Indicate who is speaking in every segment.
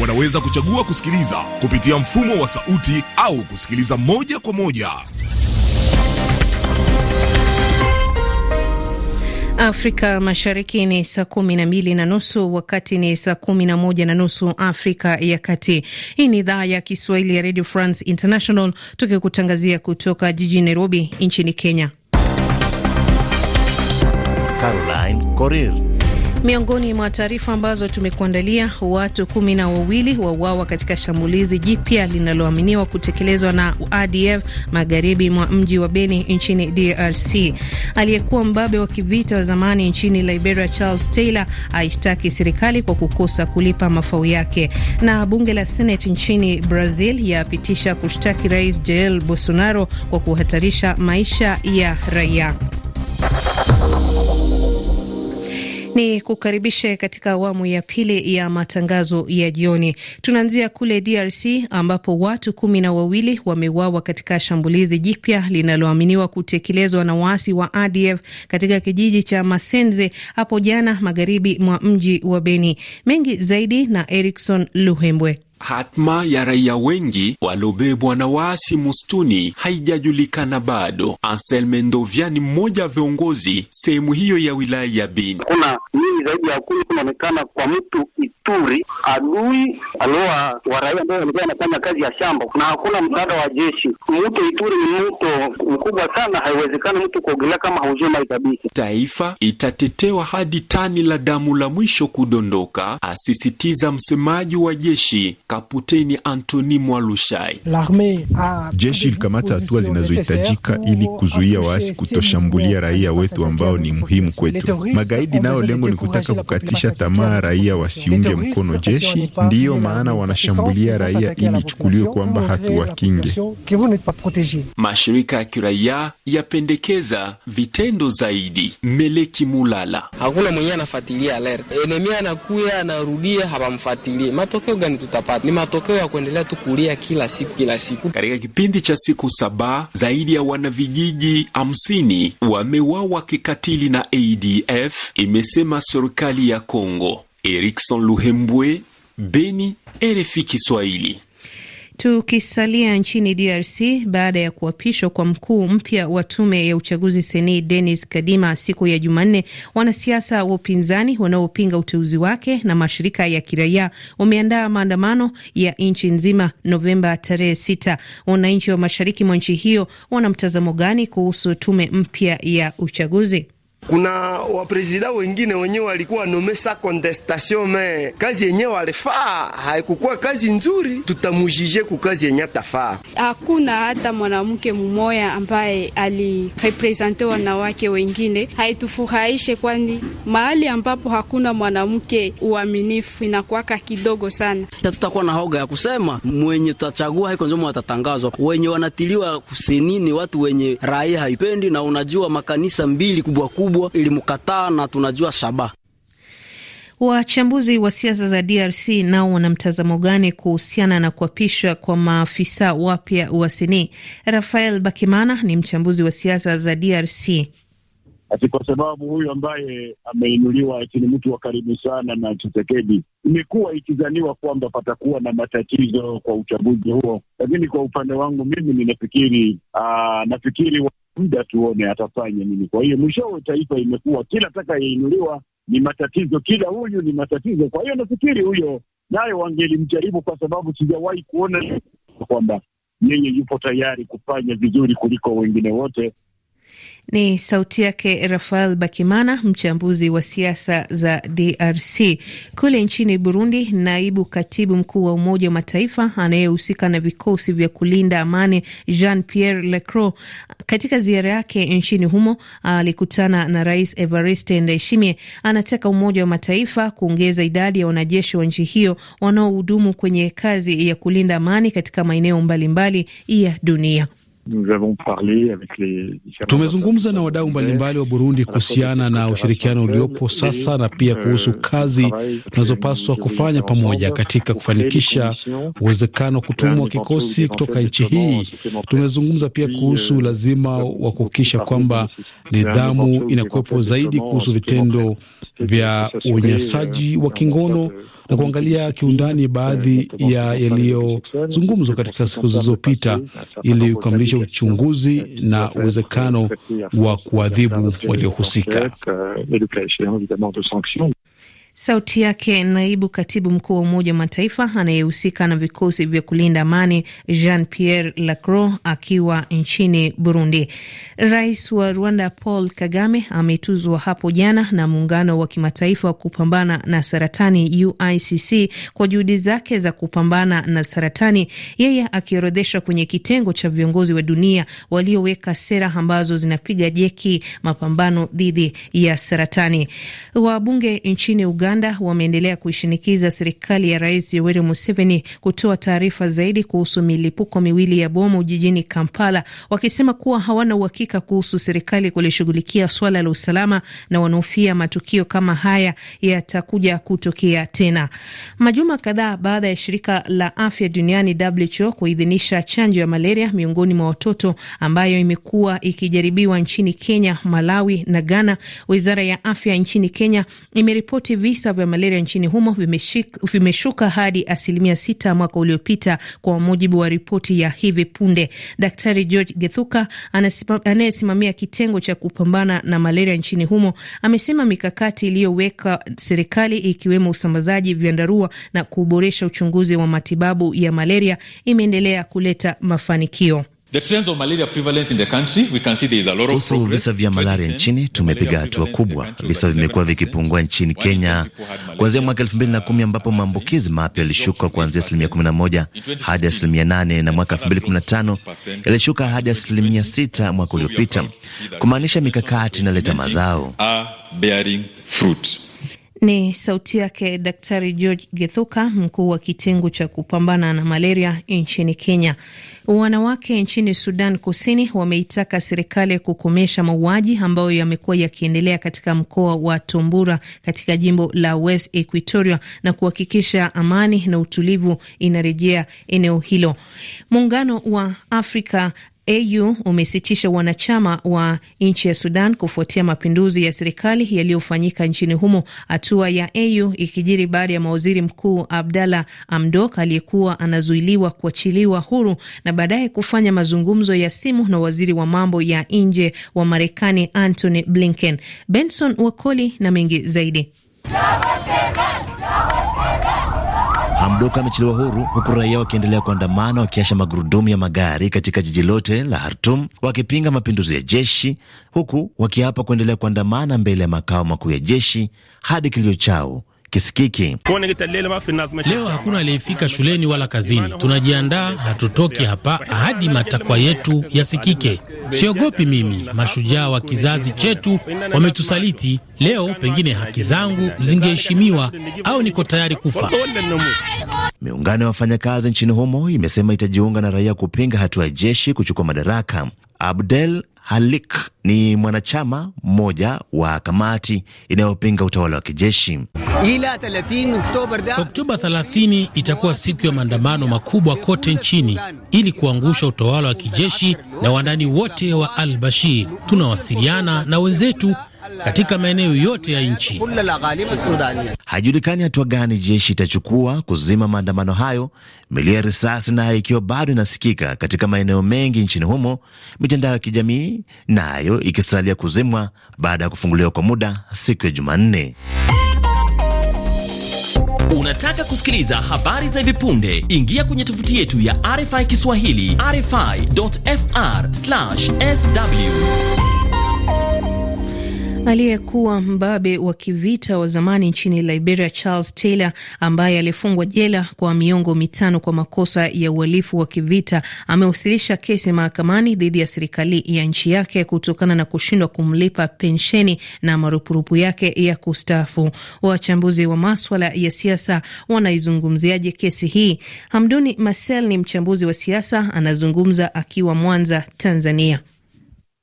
Speaker 1: wanaweza kuchagua kusikiliza kupitia mfumo wa sauti au kusikiliza moja kwa moja.
Speaker 2: Afrika Mashariki ni saa kumi na mbili na nusu wakati ni saa kumi na moja na nusu Afrika ya Kati. Hii ni idhaa ya Kiswahili ya Radio France International tukikutangazia kutoka jijini Nairobi nchini Kenya.
Speaker 3: Caroline Coril
Speaker 2: Miongoni mwa taarifa ambazo tumekuandalia, watu kumi na wawili wauawa katika shambulizi jipya linaloaminiwa kutekelezwa na ADF magharibi mwa mji wa Beni nchini DRC. Aliyekuwa mbabe wa kivita wa zamani nchini Liberia Charles Taylor aishtaki serikali kwa kukosa kulipa mafao yake, na bunge la Senate nchini Brazil yapitisha kushtaki rais Jair Bolsonaro kwa kuhatarisha maisha ya raia. Ni kukaribishe katika awamu ya pili ya matangazo ya jioni. Tunaanzia kule DRC ambapo watu kumi na wawili wameuawa katika shambulizi jipya linaloaminiwa kutekelezwa na waasi wa ADF katika kijiji cha Masenze hapo jana magharibi mwa mji wa Beni. Mengi zaidi na Erikson Luhembwe.
Speaker 1: Hatma ya raia wengi waliobebwa na waasi mustuni haijajulikana bado. Anselme Ndovya ni mmoja wa viongozi sehemu hiyo ya wilaya ya Bini.
Speaker 4: Kuna nini zaidi ya kumi kunaonekana kwa mtu Ituri, adui aloa wa raia ambao walikuwa wanafanya kazi ya shamba, na hakuna msaada wa jeshi. Mto Ituri ni mto mkubwa sana, haiwezekani mtu kuogelea kama haujui maji kabisa.
Speaker 1: Taifa itatetewa hadi tani la damu la mwisho kudondoka, asisitiza msemaji wa jeshi Kaputeni Antoni Mwalushai. Jeshi ilikamata hatua zinazohitajika ili kuzuia waasi kutoshambulia raia wetu ambao ni muhimu kwetu. Magaidi nao lengo ni kutaka kukatisha tamaa raia wasiunge mkono jeshi, ndiyo maana wanashambulia raia ili ichukuliwe kwamba hatuwakinge. Mashirika ya kiraia yapendekeza vitendo zaidi. Meleki Mulala: hakuna mwenyewe anafuatilia alert, enemia anakuya anarudia, hawamfuatilie matokeo gani tutapata? ni matokeo ya kuendelea tu kulia kila siku kila siku. Katika kipindi cha siku saba, zaidi ya wanavijiji hamsini wameuawa kikatili na ADF, imesema serikali ya Kongo. Erikson Luhembwe, Beni, RFI Kiswahili.
Speaker 2: Tukisalia nchini DRC, baada ya kuapishwa kwa mkuu mpya wa tume ya uchaguzi seni Denis Kadima siku ya Jumanne, wanasiasa wa upinzani wanaopinga uteuzi wake na mashirika ya kiraia wameandaa maandamano ya nchi nzima Novemba tarehe sita. Wananchi wa mashariki mwa nchi hiyo wana mtazamo gani kuhusu tume mpya ya uchaguzi?
Speaker 3: kuna wapresida wengine wenye walikuwa nome sa contestation me kazi yenye walifaa
Speaker 4: haikukuwa kazi nzuri, tutamujije ku kazi yenye tafaa.
Speaker 2: Hakuna hata mwanamke mumoya ambaye alirepresente wanawake wengine, haitufurahishe kwani mahali ambapo hakuna mwanamke uaminifu inakuwaka kidogo sana.
Speaker 4: Hatutakuwa na hoga ya kusema mwenye tutachagua haiko njomo watatangazwa, wenye wanatiliwa kusenini, watu wenye raia haipendi, na unajua makanisa mbili kubwa kubwa kubwa ilimkataa, na tunajua shaba.
Speaker 2: Wachambuzi wa siasa za DRC nao wana mtazamo gani kuhusiana na kuapishwa kwa maafisa wapya wa seni? Rafael Bakimana ni mchambuzi wa siasa za DRC.
Speaker 4: Ati kwa sababu huyu ambaye ameinuliwa ati ni mtu wa karibu sana na Chisekedi, imekuwa ikizaniwa kwamba patakuwa na matatizo kwa uchaguzi huo, lakini kwa upande wangu mimi ninafikiri, aa, nafikiri muda tuone atafanya nini. Kwa hiyo mwishowe taifa imekuwa kila taka yainuliwa ni matatizo, kila huyu ni matatizo. Kwa hiyo nafikiri huyo naye wangelimjaribu, kwa sababu sijawahi kuona kwamba yeye yupo tayari kufanya vizuri kuliko wengine wote,
Speaker 2: ni sauti yake Rafael Bakimana, mchambuzi wa siasa za DRC. Kule nchini Burundi, naibu katibu mkuu wa Umoja wa Mataifa anayehusika na vikosi vya kulinda amani Jean Pierre Lacroix, katika ziara yake nchini humo alikutana na Rais Evariste Ndayishimiye. Anataka Umoja wa Mataifa kuongeza idadi ya wanajeshi wa nchi hiyo wanaohudumu kwenye kazi ya kulinda amani katika maeneo mbalimbali ya dunia.
Speaker 1: Tumezungumza na wadau mbalimbali wa Burundi kuhusiana na ushirikiano uliopo sasa na pia euh, kuhusu kazi tunazopaswa kufanya pamoja katika kufanikisha uwezekano wa kutumwa kikosi kutoka nchi hii. Tumezungumza pia kuhusu euh, lazima wa kuhakikisha kwamba nidhamu inakuwepo zaidi kuhusu vitendo vya euh, unyanyasaji wa kingono na kuangalia kiundani baadhi ya yaliyozungumzwa katika siku zilizopita ili kukamilisha kuanzisha uchunguzi na uwezekano wa kuadhibu waliohusika.
Speaker 2: Sauti yake naibu katibu mkuu wa Umoja wa Mataifa anayehusika na vikosi vya kulinda amani Jean Pierre Lacroix akiwa nchini Burundi. Rais wa Rwanda Paul Kagame ametuzwa hapo jana na muungano wa kimataifa wa kupambana na saratani UICC kwa juhudi zake za kupambana na saratani, yeye akiorodheshwa kwenye kitengo cha viongozi wa dunia walioweka sera ambazo zinapiga jeki mapambano dhidi ya saratani. Wabunge nchini Uganda Uganda wameendelea kuishinikiza serikali ya Rais Yoweri Museveni kutoa taarifa zaidi kuhusu milipuko miwili ya bomu jijini Kampala, wakisema kuwa hawana uhakika kuhusu serikali kulishughulikia swala la usalama na wanahofia matukio kama haya yatakuja kutokea tena. Majuma kadhaa baada ya shirika la afya duniani WHO kuidhinisha chanjo ya malaria miongoni mwa watoto ambayo imekuwa ikijaribiwa nchini Kenya, Malawi na Ghana, wizara ya afya nchini Kenya imeripoti visa vya malaria nchini humo vimeshuka hadi asilimia sita mwaka uliopita kwa mujibu wa ripoti ya hivi punde. Daktari George Gethuka anayesimamia kitengo cha kupambana na malaria nchini humo amesema mikakati iliyoweka serikali ikiwemo usambazaji vyandarua na kuboresha uchunguzi wa matibabu ya malaria imeendelea kuleta mafanikio.
Speaker 3: Kuhusu visa vya malaria nchini, tumepiga hatua kubwa. Visa vimekuwa vikipungua nchini Kenya kuanzia mwaka elfu mbili na kumi ambapo maambukizi mapya yalishuka kuanzia asilimia kumi na moja hadi asilimia nane na mwaka elfu mbili kumi na tano yalishuka hadi asilimia sita mwaka uliopita, kumaanisha mikakati inaleta mazao.
Speaker 2: Ni sauti yake Daktari George Gethuka, mkuu wa kitengo cha kupambana na malaria nchini Kenya. Wanawake nchini Sudan Kusini wameitaka serikali kukomesha mauaji ambayo yamekuwa yakiendelea katika mkoa wa Tombura katika jimbo la West Equatoria na kuhakikisha amani na utulivu inarejea eneo hilo. Muungano wa Afrika AU umesitisha wanachama wa nchi ya Sudan kufuatia mapinduzi ya serikali yaliyofanyika nchini humo, hatua ya AU ikijiri baada ya mawaziri mkuu Abdalla amdok aliyekuwa anazuiliwa kuachiliwa huru na baadaye kufanya mazungumzo ya simu na waziri wa mambo ya nje wa Marekani Antony Blinken. Benson Wakoli na mengi zaidi
Speaker 3: mdogo amechelewa huru, huku raia wakiendelea kuandamana wakiasha magurudumu ya magari katika jiji lote la Hartum wakipinga mapinduzi ya jeshi, huku wakiapa kuendelea kuandamana mbele ya makao makuu ya jeshi hadi kilio chao kisikiki.
Speaker 1: Leo hakuna aliyefika shuleni wala kazini, tunajiandaa, hatutoki hapa hadi matakwa yetu yasikike. Siogopi mimi, mashujaa wa kizazi chetu wametusaliti. Leo pengine haki zangu zingeheshimiwa, au niko tayari kufa.
Speaker 3: Miungano ya wafanyakazi nchini humo imesema itajiunga na raia kupinga hatua ya jeshi kuchukua madaraka. Abdel Halik ni mwanachama mmoja wa kamati inayopinga utawala wa kijeshi. Oktoba 30 itakuwa
Speaker 1: siku ya maandamano makubwa kote nchini ili kuangusha utawala wa kijeshi na wandani wote wa Al Bashir. Tunawasiliana na wenzetu katika maeneo yote ya
Speaker 3: nchi. Haijulikani hatua gani jeshi itachukua kuzima maandamano hayo, milio ya risasi nayo ikiwa bado inasikika katika maeneo mengi nchini humo, mitandao ya kijamii nayo ikisalia kuzimwa baada ya kufunguliwa kwa muda siku ya Jumanne. Unataka kusikiliza habari za hivi punde? Ingia kwenye tovuti yetu ya RFI Kiswahili, rfi.fr/sw.
Speaker 2: Mm. Aliyekuwa mbabe wa kivita wa zamani nchini Liberia, Charles Taylor, ambaye alifungwa jela kwa miongo mitano kwa makosa ya uhalifu wa kivita, amewasilisha kesi mahakamani dhidi ya serikali ya nchi yake kutokana na kushindwa kumlipa pensheni na marupurupu yake ya kustaafu. Wachambuzi wa maswala ya siasa wanaizungumziaje kesi hii? Hamduni Marcel ni mchambuzi wa siasa, anazungumza akiwa Mwanza, Tanzania.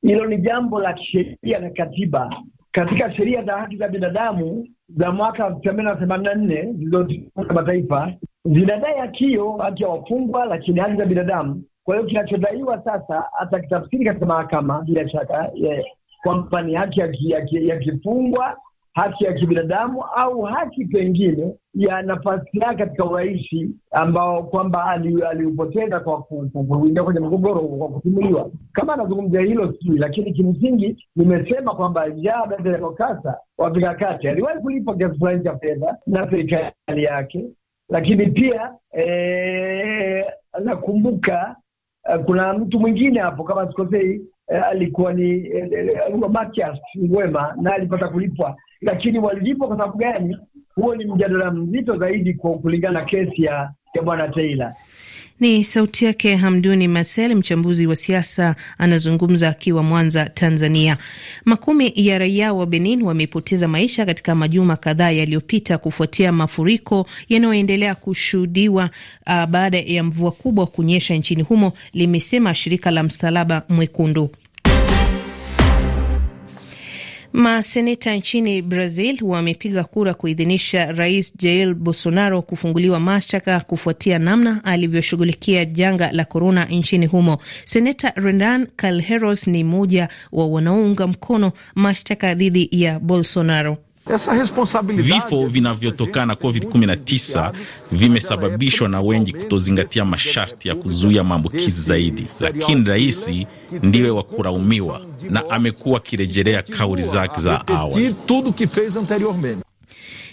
Speaker 4: Hilo ni jambo la kisheria na katiba. Katika sheria za haki za binadamu za mwaka themanini na themanini na nne zilizotoka mataifa zinadai haki hiyo, haki ya wafungwa, lakini haki za binadamu. Kwa hiyo kinachodaiwa sasa, hata kitafsiri katika mahakama, bila shaka eh, kwamba ni haki ya kifungwa haki ya kibinadamu au haki pengine ya nafasi yake katika urahisi ambao kwamba aliupoteza ali kwa kuingia kwenye mgogoro kwa kutumuliwa. Kama anazungumzia hilo sijui, lakini kimsingi nimesema kwamba Jabir Bokassa Kati aliwahi kulipwa kiasi fulani cha fedha na serikali yake, lakini pia eh, nakumbuka eh, kuna mtu mwingine hapo kama sikosei, eh, alikuwa ni Mathias Ngwema na alipata kulipwa lakini walilipwa kwa sababu gani? Huo ni mjadala mzito zaidi kwa kulingana na kesi ya ya bwana Taylor.
Speaker 2: Ni sauti yake Hamduni Masel, mchambuzi wa siasa, anazungumza akiwa Mwanza, Tanzania. Makumi ya raia wa Benin wamepoteza maisha katika majuma kadhaa yaliyopita kufuatia mafuriko yanayoendelea kushuhudiwa ah, baada ya mvua kubwa kunyesha nchini humo, limesema shirika la Msalaba Mwekundu. Maseneta nchini Brazil wamepiga kura kuidhinisha rais Jair Bolsonaro kufunguliwa mashtaka kufuatia namna alivyoshughulikia janga la korona nchini humo. Seneta Renan Calheiros ni mmoja wa wanaounga mkono mashtaka dhidi ya Bolsonaro. Essa responsabilidade.
Speaker 1: Vifo vinavyotokana na COVID-19 vimesababishwa na wengi kutozingatia masharti ya kuzuia maambukizi zaidi, lakini rais ndiye wa kulaumiwa na amekuwa akirejelea kauli zake za awali.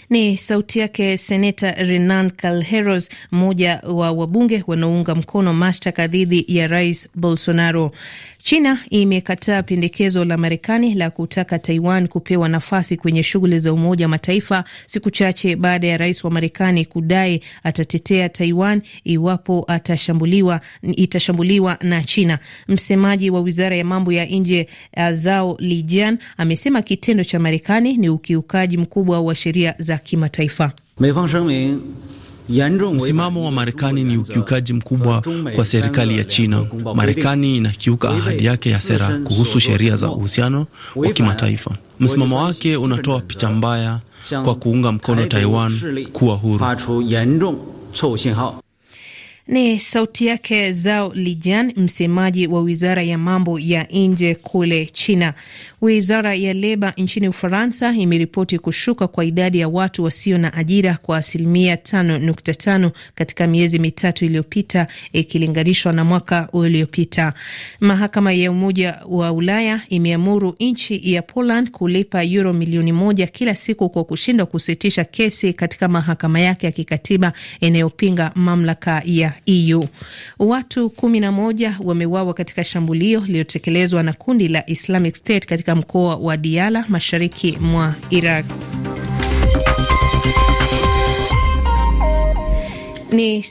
Speaker 2: Ni sauti yake Seneta Renan Calheros, mmoja wa wabunge wanaounga mkono mashtaka dhidi ya Rais Bolsonaro. China imekataa pendekezo la Marekani la kutaka Taiwan kupewa nafasi kwenye shughuli za Umoja wa Mataifa, siku chache baada ya rais wa Marekani kudai atatetea Taiwan iwapo atashambuliwa, itashambuliwa na China. Msemaji wa wizara ya mambo ya nje uh, Zhao Lijian amesema kitendo cha Marekani ni ukiukaji mkubwa wa sheria za kimataifa.
Speaker 4: Msimamo wa
Speaker 1: Marekani ni ukiukaji mkubwa kwa serikali ya China. Marekani inakiuka ahadi yake ya sera kuhusu sheria za uhusiano wa kimataifa. Msimamo wake unatoa picha mbaya kwa kuunga mkono Taiwan kuwa huru.
Speaker 2: Ni sauti yake zao Lijian, msemaji wa wizara ya mambo ya nje kule China. Wizara ya leba nchini Ufaransa imeripoti kushuka kwa idadi ya watu wasio na ajira kwa asilimia 5.5 katika miezi mitatu iliyopita ikilinganishwa na mwaka uliopita. Mahakama ya Umoja wa Ulaya imeamuru nchi ya Poland kulipa yuro milioni moja kila siku kwa kushindwa kusitisha kesi katika mahakama yake ya kikatiba inayopinga mamlaka ya EU. Watu kumi na moja wameuawa katika shambulio lililotekelezwa na kundi la Islamic State katika mkoa wa Diyala mashariki mwa Iraq. Ni